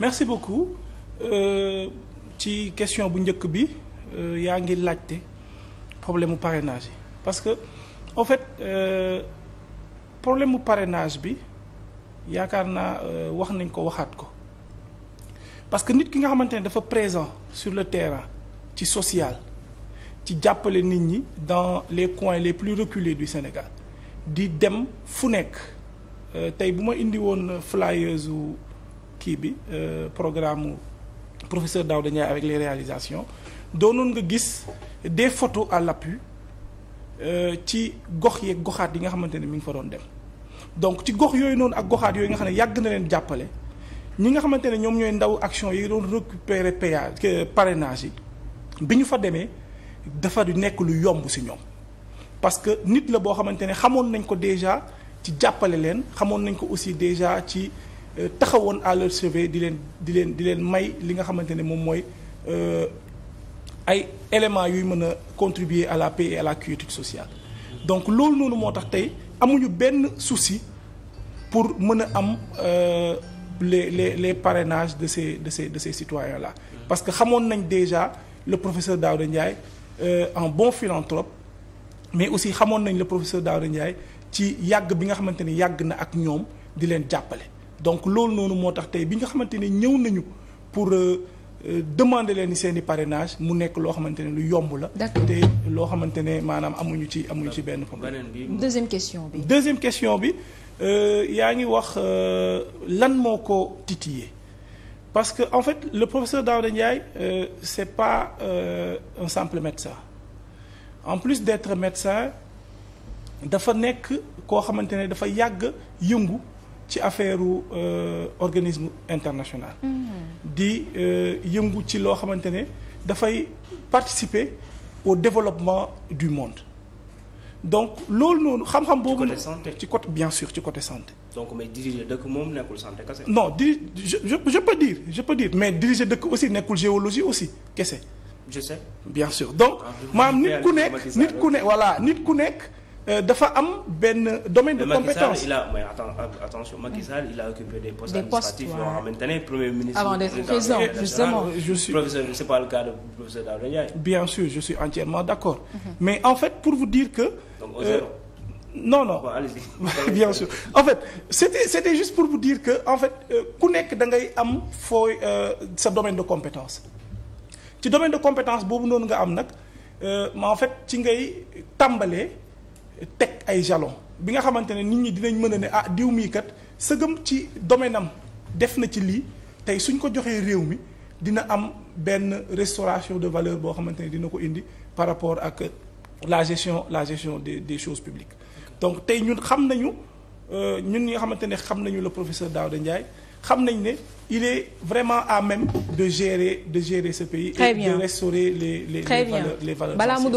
merci beaucoup euh, ci question bu njëkk bi euh, yaa ngi laajte problème mu parrainage yi parce que en fait euh, problème mu parrainage bi yaakaar naa wax nañ ko waxaat ko parce que nit ki nga xamante ne dafa présent sur le terrain ci social ci jàppale nit ñi dans les coins les plus reculés du Sénégal di dem fu nekk tey bu ma indi woon flyers kii bi euh, programme professeur Daouda Ndiaye avec les réalisations noonu nga gis des photos à l'appui euh, ci gox yeeg goxaat yi nga xamante ne mi ngi fa doon dem donc ci gox yooyu noonu ak goxaat yooyu nga xam ne yàgg na leen jàppale ñi nga xamante ne ñoom ñooy ndaw action yi doon récupérer péage parrainage yi bi ñu fa demee dafa nekk lu yomb si ñoom parce que nit la boo xamante ne xamoon nañ ko déjà ci jàppale leen xamoon nañ ko aussi déjà ci taxawoon à leur chevet di leen di leen di leen may li nga xamante ne moom mooy euh, ay éléments yuy mën a contribuer à la paix et à la quiétude sociale. donc loolu noonu moo tax tey amuñu benn souci pour mën a am euh, les les les parrainages de ces de ces de ces citoyens là. parce que xamoon nañ déjà le professeur Daouda Ndiaye un euh, bon philanthrope mais aussi xamoon nañ la professeur Daouda Ndiaye ci yàgg bi nga xamante ne yàgg na ak ñoom di leen jàppale. donc loolu noonu moo tax tey bi nga xamante ne ñëw nañu pour euh, euh, demander leen seen i parrainage mu nekk loo xamante ne lu yomb la. te loo xamante ne maanaam amuñu ci amuñu ci benn problème. deuxième question bi. deuxième question bi euh, yaa ngi wax lan moo ko titillé parce que en fait le professeur Daouda Ndiaye euh, c'est pas euh, un simple médecin en plus d'être médecin dafa nekk koo xamante ne dafa yàgg yëngu. ci affaire euh, organisme international. Mm-hmm. di euh, yëngu ci loo xamante ne dafay participer au développement du monde donc loolu noonu xam-xam boobu. côté santé ci côté bien sûr ci côté santé. donc mais diriger dëkk moom nekkul santé kese. non diri je je peux dire je peux dire mais diriger dëkk aussi nekkul géologie aussi kese. je bien sûr donc ah, maanaam nit ku nekk nit ku nekk voilà nit ku nekk. Euh, dafa am benn domaine de compétence il a mais attention Macky Sall il a occupé des postes administratifs yoo xamante ne premier ministre avant d'être président justement ah, je suis professeur c'est pas le cas de professeur Daouda Ndiaye bien sûr je suis entièrement d'accord mm-hmm. mais en fait pour vous dire que donc au euh, zéro non non bien sûr en fait c'était c'était juste pour vous dire que en fait euh, ku nekk da ngay am fooy sa domaine de compétence ci domaine de compétence boobu noonu nga am nag en fait ci ngay tàmbalee teg ay jalon bi nga xamante ne nit ñi dinañ mën a ne ah diw mii kat sëgëm ci domaine am def na ci lii tey suñ ko joxee réew mi dina am benn restauration de valeur boo xamante ne dina ko indi par rapport ak la gestion la gestion de des choses publiques donc tey ñun xam nañu euh, ñun ñi nga xamante ne xam nañu le professeur Daouda Ndiaye xam nañ ne il est vraiment à même de gérer de gérer ce pays. et de restaurer les les les valeurs les valeurs.